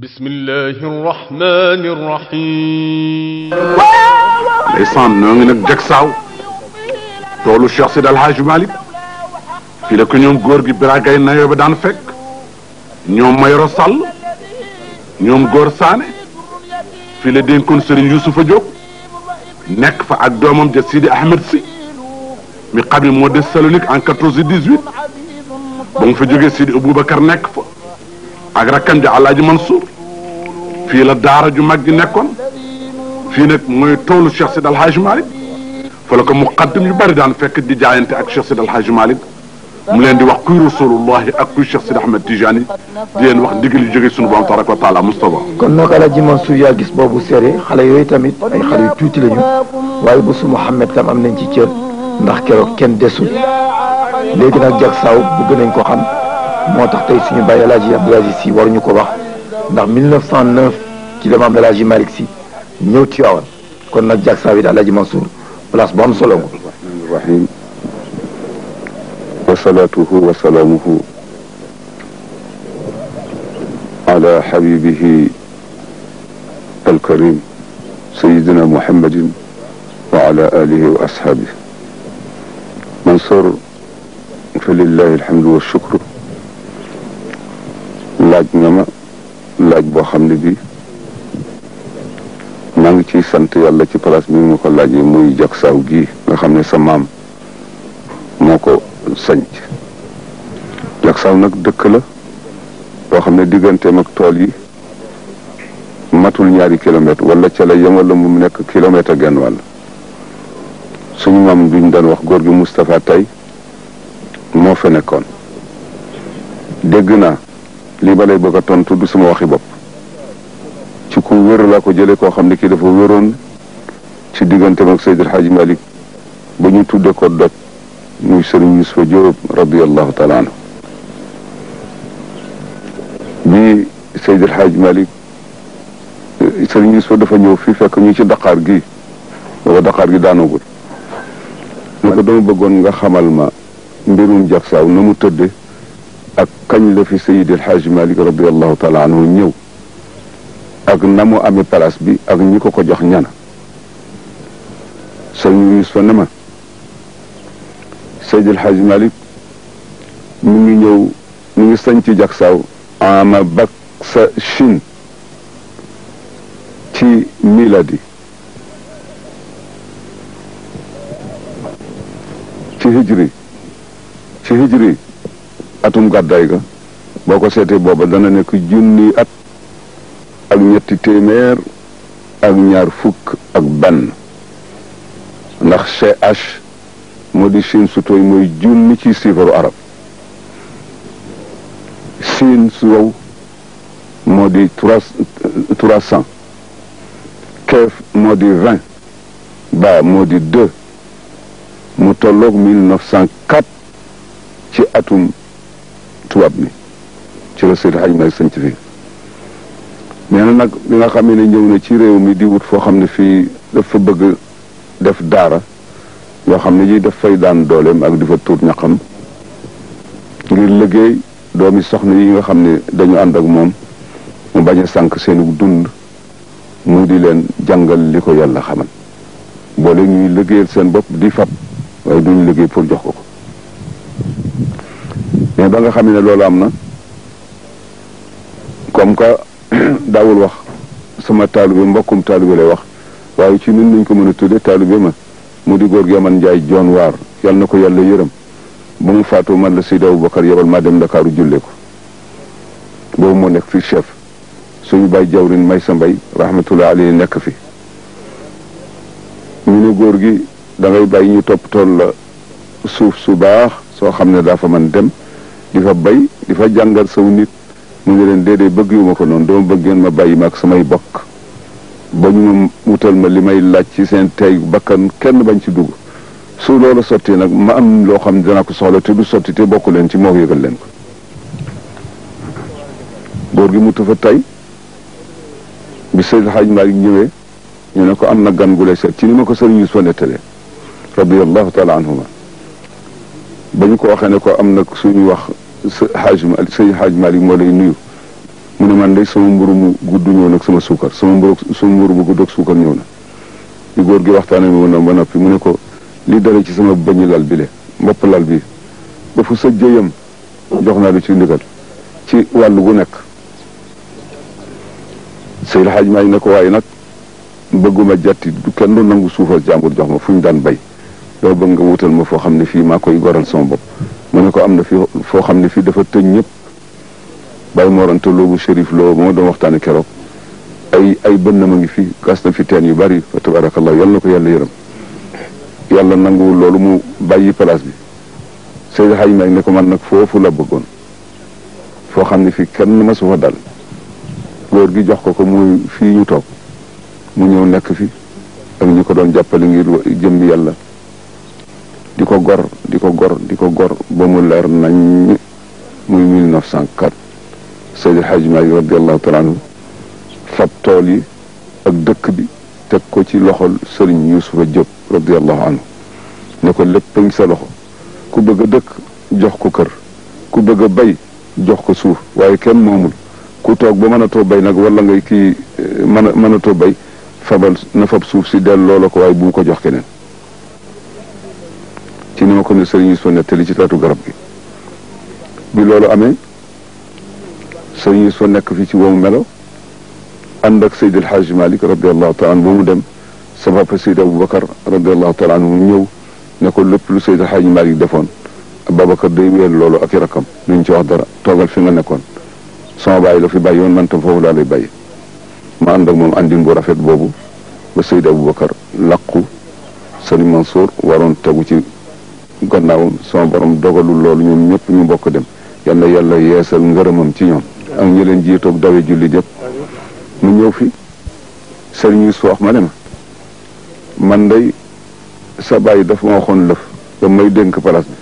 bismillahi rahmani rahim ndeysaan noo ngi nag jag saaw toolu Cheikh Seydi El Hadji Malick fii la ko ñoom góor gi biragay na yooba daan fekk ñoom Mayoro Sall ñoom góor saane fii la dénkoon Serigne Youssoufa Diop nekk fa ak doomam ja Sidi Ahmed si mi xam ne moo des Salonique en 14 18 ba mu fa jógee Sidi Aboubacar nekk fa ak rakkam ji Alaaji Mansour fii la daara ju mag ji nekkoon fii nag mooy toolu Cheikh Sidi Alhaaj Malick fa la ko muqaddim yu bëri daan fekk di jaayante ak Cheikh Sidi Alhaaj Malick mu leen di wax kuy rasulullahi ak kuy Cheikh Sidi Ahmed Tijani di leen wax ndigal yu jógee sunu borom tabaraka wa taala Moustapha kon nag Alaaji Mansour yaa gis boobu sere xale yooyu tamit ay xale yu tuuti lañu waaye bésu Mouhamed tam am nañ ci cër ndax keroog kenn desul léegi nag jag saaw bëgg nañ ko xam moo tax tey suñu bàyyi El Hadj Abdoul Aziz Sy waruñu ko wax ndax 1909 ci la maam El Hadj Malick Sy ñëw Tiwaawan kon nag Diak Saawit El Hadj Mansour place bu am solo nga. rahmaani wa salaatuhu wa salaamuhu ala habibihi alkarim sayidina muhammadin wa ala alihi wa ashaabihi Mansour fa lillahi alhamdu wa shukru laaj nga ma laaj boo xam ne bi maa ngi ciy sant yàlla ci place bi ma ko laaj laajee muy jag saaw gii nga xam ne sa maam moo ko sanc jag saaw nag dëkk la boo xam ne digganteem ak tool yi matul ñaari kilomètre walla ca la yem wala mu nekk kilomètre genn wàll suñu maam bi ñu daan wax góor gi Moustapha Tay moo fa nekkoon dégg naa lii ba lay bëgg tontu du sama waxi bopp ci ku wér laa ko jëlee koo xam ne kii dafa wéroon ci digganteem ak Seydil Hadji Malick ba ñu tudde ko doj muy sëriñ Yusufa Jóob radiallahu taala anhu bi Seydil Hadji dafa ñëw fii fekk ñu ci daqaar gi booba daqaar gi daanugul ne ba dama bëggoon nga xamal ma mbirum jagsaaw na mu tëdde ak kañ la fi Seydil Hadji Malick radiallahu taala anhu ñëw ak namu mu amee place bi ak ñi ko ko jox ñana sëñ Yuusufa ne ma Seydil Hadji Malick mu ngi ñëw mu ngi sañ ci jagsaaw ama bak sa Chine ci miladi ci hijri ci hijri atum gàddaay ga boo ko seetee booba dana nekk junni at ak ñetti téeméer ak ñaar fukk ak benn ndax ch moo di siin su tooy mooy junni ci siifaru arab siin su wow moo di trois trois keef moo di ba moo di deux mu tolloog ci atum tubaab bi ci la Seydi Hadj Malick sanc fii nee nag li nga xam ne ñëw na ci réew mi di wut foo xam ne fii dafa bëgg def daara yoo xam ne ji daf fay daan dooleem ak di fa tuur ñaqam ngir liggéey doomi soxna yi nga xam ne dañu ànd ak moom mu bañ a sànq seen dund mu di leen jàngal li ko yàlla xamal boole ñuy liggéeyal seen bopp di fab waaye duñu liggéey pour jox ko ko mais ba nga xam ne loolu am na comme que daawul wax sama taalibe mbokkum taalibe lay wax waaye ci mu lañ ko mën a tudde taalibe ma mu di góor gi man njaay joon waar yal na ko yàlla yërëm ba mu faatu man la Seydi Abubakar yebal maa dem Ndakaaru jullee ko boobu moo nekk fi chef suñu bàyyi jawrin may sa mbay rahmatullah alayhi nekk fi ñu ne góor gi dangay ngay bàyyi ñu topp tool la suuf su baax soo xam ne daa fa man dem di fa bay di fa jàngal saw nit mu ne leen déedéet bëgg yu ma ko noonu dama bëgg ngeen ma bàyyi ma ak samay bokk ba ñu wutal ma li may laaj ci seen tey bakkan kenn bañ ci dugg su loolu sotti nag ma am loo xam ne dana ko soxla te du sotti te bokk leen ci moo ko yëgal leen ko góor gi mu fa tey bi Seydou Hadj Malick ñëwee ñu ne ko am na gan gu lay seet ci ni ma ko sëriñ Yuusufa nettalee radiallahu taala anhuma ba ñu ko waxee ne ko am na suñu wax sa xaaj ma sëñ xaaj Malick moo lay nuyu mu ne man de sama mburu mu gudd ñëw nag sama suukar sama mburu mburu mu gudd ak suukar ñëw na di góor gi waxtaanee mu ne ba noppi mu ne ko li dale ci sama bëñ lal bi le mbopp lal bi ba fu sa jëyam jox naa ci ndigal ci wàllu gu nekk sëñ xaaj Malick ne ko waaye nag mbëgguma jàtti du kenn doon nangu suufal jàmbur jox ma fu ñu daan bay doo bëgg nga wutal ma foo xam ne fii maa koy goral sama bopp mu ne ko am na fi foo xam ne fii dafa tëj ñëpp bàyyi moronte loobu shérif loo moo doon waxtaane keroog ay ay bënn ma ngi fi gas na fi teen yu bari fa tabarakallah yàlla na ko yàlla yërëm yàlla nanguwul loolu mu bàyyi place bi Seydi Hadj Malick ne ko man nag foofu la bëggoon foo xam ne fii kenn mësu fa dal góor gi jox ko ko muy fii ñu toog mu ñëw nekk fi ak ñu ko doon jàppale ngir jëm yàlla di ko gor di ko gor di ko gor ba mu leer nañ muy 1904 Seydi Hadji Malick radiallahu taala anhu fab tool yi ak dëkk bi teg ko ci loxol Sëriñ Yuusufa Jóob radiallahu anhu ne ko lépp ngi sa loxo ku bëgg a dëkk jox ko kër ku bëgg a bay jox ko suuf waaye kenn moomul ku toog ba mënatoo bay nag wala ngay kii eh, mën a mënatoo bay fabal na fab suuf si delloo la ko waaye bu mu ko jox keneen ni ma ko ne sëriñ Yuusufa nettali ci gi bi loolu amee sëriñ Yuusufa nekk fi ci woomu melo ànd ak Seydil Hajj Malik radiallahu taala anhu ba mu dem sa papa Seyd Aboubacar radiallahu taala mu ñëw ne ko lépp lu Seydil Hajj Malik defoon Aboubacar day wéyal loolo ak i rakkam duñ ci wax dara al fi nga nekkoon sama bàyyi la fi bàyyi woon man tam foofu laa lay bàyyi ma ànd ak moom àndin bu rafet boobu ba Seyd Aboubacar làqu Sëriñ Mansour waroon tegu ci gannaawam sama borom dogalul loolu ñoom ñëpp ñu bokk dem yal na yàlla yeesal ngërëmam ci ñoom ak ñi leen jiitoog dawe julli jëpp mu ñëw fi sëriñ Yuusu wax ma ne ma man day sa bàyyi dafa ma waxoon lëf ba may dénk place bi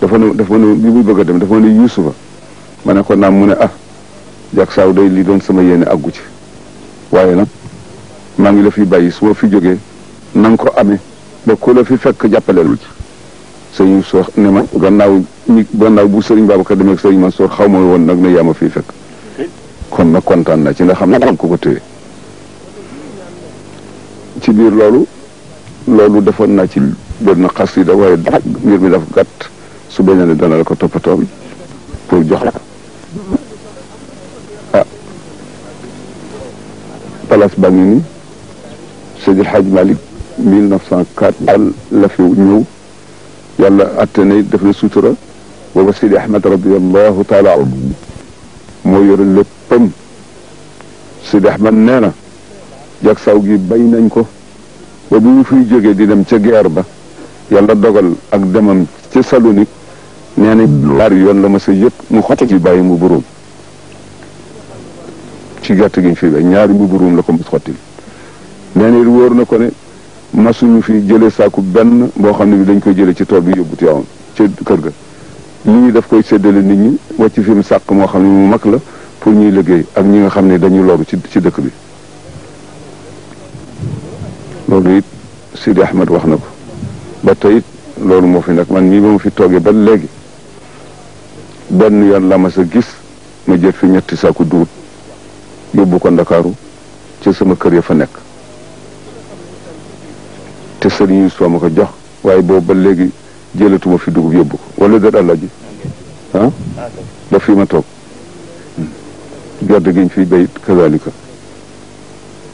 dafa ne dafa ne bi muy bëgg a dem dafa ne Yuusufa ma ne ko naam mu ne ah jak saaw day li doon sama yéene àggu ci waaye nag maa ngi la fi bàyyi su ma fi jógee na ko ame ba ku la fi fekk jàppaleel ci sëñ Soor ne ma gannaaw ñi gannaaw bu sëriñ Babacar demee ak sëriñ Mansour xaw ma woon nag ne yaa ma fii fekk kon nag kontaan na ci nga xam ne am ko ko téye ci biir loolu loolu defoon naa ci benn xasida waaye mbir mi dafa gàtt su beneen ne dana la ko toppatoo pour jox la ah place baa ngi nii Seydi El Hadj Malick 1904 daal la fi ñëw yàlla atte def na sutura booba Sidi Ahmed radiallahu taala anhu moo yore léppam Sidi Ahmed nee na jag saw gi bay nañ ko ba bu ñu fiy jógee di dem ca guerre ba yàlla dogal ak demam ca Salonique nee na ñaari yoon la ma yëpp mu xotti ci bàyyi mu buróom ci gerte gi ñu fi bay ñaari mu buróom la ko mu xotti nee na wóor na ko masuñu fi jëlee saaku benn boo xam ne bi dañ koy jëlee ci tool bi yóbbu Tiwaawan ci kër ga li ñuy daf koy séddale nit ñi wàcc fi mu sàq moo xam ne mu mag la pour ñuy liggéey ak ñi nga xam ne dañuy loru ci ci dëkk bi loolu it Sidi Ahmed wax na ko ba tey loolu moo fi nekk man mii ba ma fi toogee ba léegi benn yoon la ma sa gis ma jël fi ñetti saaku dugub yóbbu ko Ndakaaru ci sama kër ya fa nekk te sëriñ soo ma ko jox waaye boobu ba léegi jëlatuma fi dugub yóbbu ko wala déet àllaji ah, ah ba fii ma toog hmm. gerte gi fi fiy béy kazalika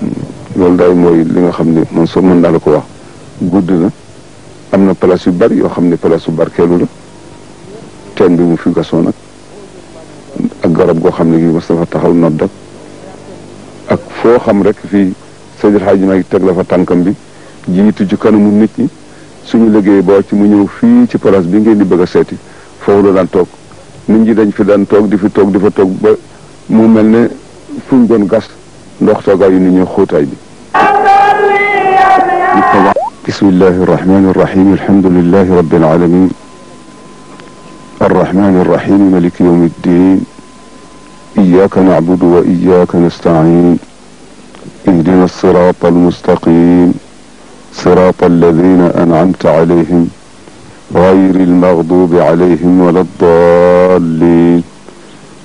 hmm. loolu daal mooy li nga xam ne man soo mën naa la ko wax gudd na am na place yu bari yoo xam ne place yu barkeelu la teen bi mu fi gasoo nag ak garab goo xam ne gi mas dafa taxaw nodd ak foo xam rek fi Seydil Hadji Malick tegla la fa tànkam bi jiitu ci kanamu nit ñi suñu liggéey boo ci mu ñëw fii ci place bi ngeen di bëgg a seeti foofu la toog nit ñi dañ fi dan toog di fi toog di fa toog ba mu mel ne fu ñu doon gas ndox toogaayu nit ñi xóotaay bi bismillahi irrahmani irrahim alhamdulilahi rabbil alamin arrahmani irrahim maliki yawmi ddin iyyaka na'budu wa iyyaka nasta'in ihdina as-sirata al-mustaqim صراط الذين أنعمت عليهم غير المغضوب عليهم ولا الضالين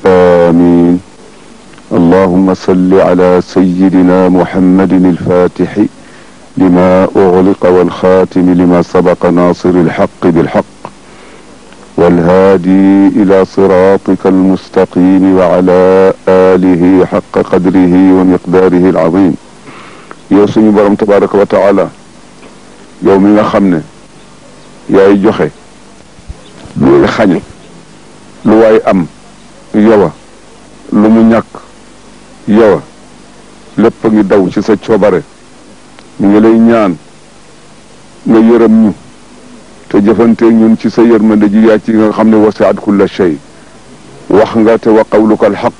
آمين اللهم صل على سيدنا محمد الفاتح لما أغلق والخاتم لما سبق ناصر الحق بالحق والهادي إلى صراطك المستقيم وعلى آله حق قدره ومقداره العظيم يوسف برم تبارك وتعالى yow mi nga xam ne yaay joxe luy xañe lu waay am yowa lu mu ñàkk yowa lépp a ngi daw ci sa coobare ñu nga lay ñaan nga yërëm ñu te jëfantee ñun ci sa yërmande ji yaa ci nga xam ne wasiat kulla shay wax nga te wa qawluka alxaq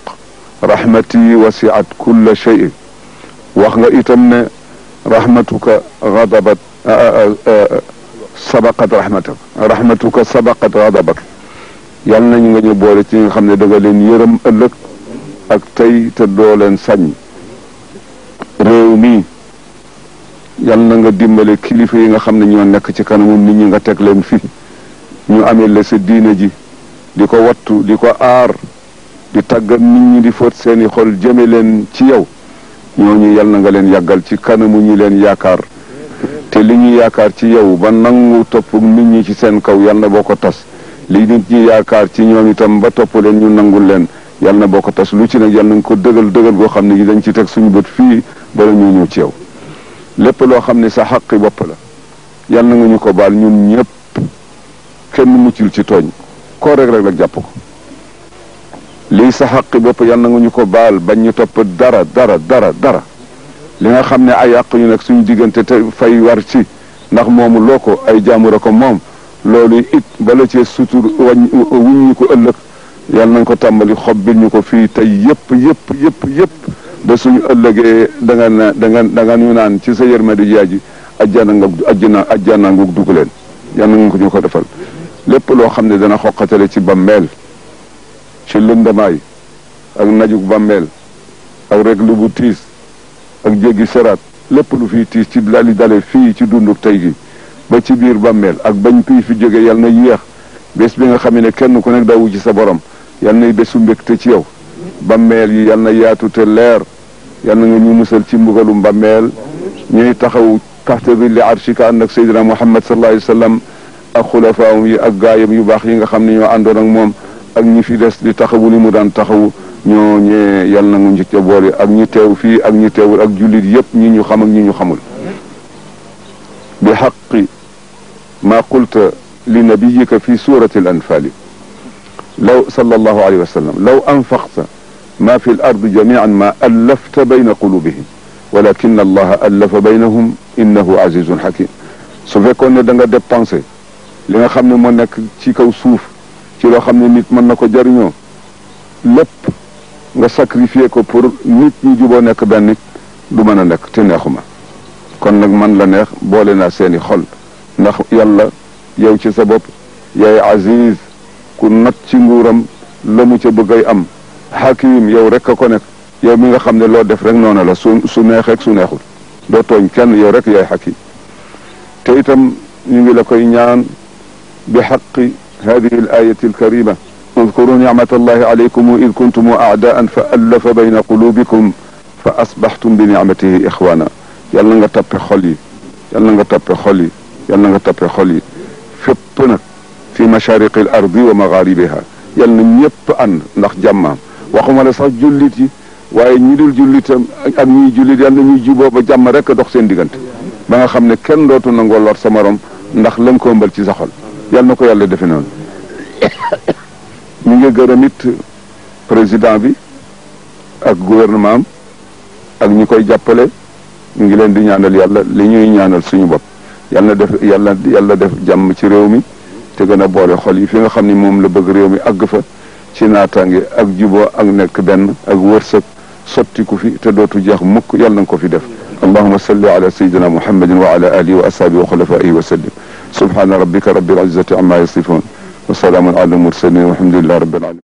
rahmati wasiat kulla shay wax nga itam ne rahmatuka gadabat sabaqat rahmatak rahmatuka sabaqat ghadabak yàlla nañu nga ñu boole ci nga xam ne da leen yërëm ëllëg ak tey te doo leen sañ réew mi yàlla na nga dimbale kilifa yi nga xam ne ñoo nekk ci kanamu nit ñi nga teg leen fi ñu amee la sa diina ji di ko wattu di ko aar di tàggat nit ñi di fóot seeni xol jëme leen ci yow ñooñu yal na nga leen yàggal ci kanamu ñu leen yaakaar li ñu yaakaar ci yow ba nangu topp nit ñi ci seen kaw yal na boo ko tas li nit ñi yaakaar ci ñoom itam ba topp leen ñu nangul leen yal na boo ko tas lu ci nag yal nañ ko dëgal dëgal goo xam ne gi dañ ci teg suñu bët fii bala ñu ñëw ci yow lépp loo xam ne sa xaqi bopp la yal na nga ñu ko baal ñun ñëpp kenn muccul ci tooñ koo rek rek la jàpp ko lii sa xaqi bopp yal na nga ñu ko baal bañ ñu topp dara dara dara dara li nga xam ne ay àq ñu nekk suñu diggante te fay war ci ndax moomu loo ko ay jaamur ko moom loolu it bala cee sutur wañ wuñ ko ëllëg yàlla nañ ko tàmbali xob bi ñu ko fii tey yëpp yëpp yëpp yëpp ba suñu ëllëgee da nga na da nga da nga ñu naan ci sa yërmande yaaji ajjana nga ajjana ajjana nga dugg leen yàlla nañ ko ñu ko defal lépp loo xam ne dana xoqatale ci bàmmeel ci lëndamaay ak najug bàmmeel ak rek lu bu tiis ak jéggi seraat lépp lu fiy tiis ci li dale fii ci dunduk tey gi ba ci biir bàmmeel ak bañ kuy fi jóge yal na yéex bés bi nga xam ne kenn ku nekk dawu ci sa borom yal nay bésu mbégte ci yow bameel yi yal na yaatu te leer yal na nga ñu musal ci mbugalum bàmmeel ñuy taxaw taxta dilli arshika ànd ak seydina muhammad sallallahu alayhi wa sallam ak xulafaawam yi ak gaayam yu baax yi nga xam ne ñoo àndoon ak moom ak ñi fi des di taxawu li mu daan taxawu ñoo ñee yal na ñu njëkk ca yi ak ñi teew fii ak ñi teewul ak jullit yëpp ñi ñu xam ak ñi ñu xamul bi xaqi ma qulta li nabiyika fi surati al anfali law sallallahu alayhi wa sallam law anfaqta ma fi l ardi jamian ma allafta bayna qulubihim walakin allaha allafa baynahum innahu azizun hakim su fekkoon ne danga nga li nga xam ne moo nekk ci kaw suuf ci loo xam ne nit mën na ko jariñoo lépp nga sacrifier ko pour nit ñi juboo nekk benn du mën a nekk te neexuma kon nag man la neex boole naa seeni xol ndax yàlla yow ci sa bopp yaay aziz ku nat ci nguuram la mu ca bëgg ay am hakim yow rek a ko nekk yow mi nga xam ne loo def rek noonu la su su neexeek su neexul doo tooñ kenn yow rek yaay hakim te itam ñu ngi la koy ñaan bi xaqi hadihi al ayati واذكروا نعمة الله عليكم إذ كنتم أعداء فألف بين قلوبكم فأصبحتم بنعمته إخوانا yàlla nga tappe xol yi yàlla nga tappe xol yi yàlla nga tappe xol yi fépp nag fi mashariqi l ardi wa magharibiha yàlla na ñëpp ànd ndax jàmmaam waxuma la sax jullit yi waaye ñi dul jullitam ak ñuy jullit yàlla na ñuy juboo ba jàmm rek a dox seen diggante ba nga xam ne kenn dootu nangoo lor sa morom ndax la nga ko ëmbal ci sa xol yàlla na ko yàlla defe noonu ñu ngi gërëm it président bi ak gouvernement am ak ñu koy jàppale ñu ngi leen di ñaanal yàlla li ñuy ñaanal suñu bopp yàlla na def yàlla yàlla def jàmm ci réew mi te gën a boole xol yi fi nga xam ni moom la bëgg réew mi àgg fa ci ngi ak juboo ak nekk benn ak wërsëg sottiku fi te dootu jeex mukk yàlla na nga ko fi def allahuma salli ala sayidina muhammadin wa ala alihi wa ashaabihi wa xulafaihi wa sallim subhaana rabbika rabbil izzati amma yasifun wasalaamun ala mursalin walhamdulilahi rabbil alamin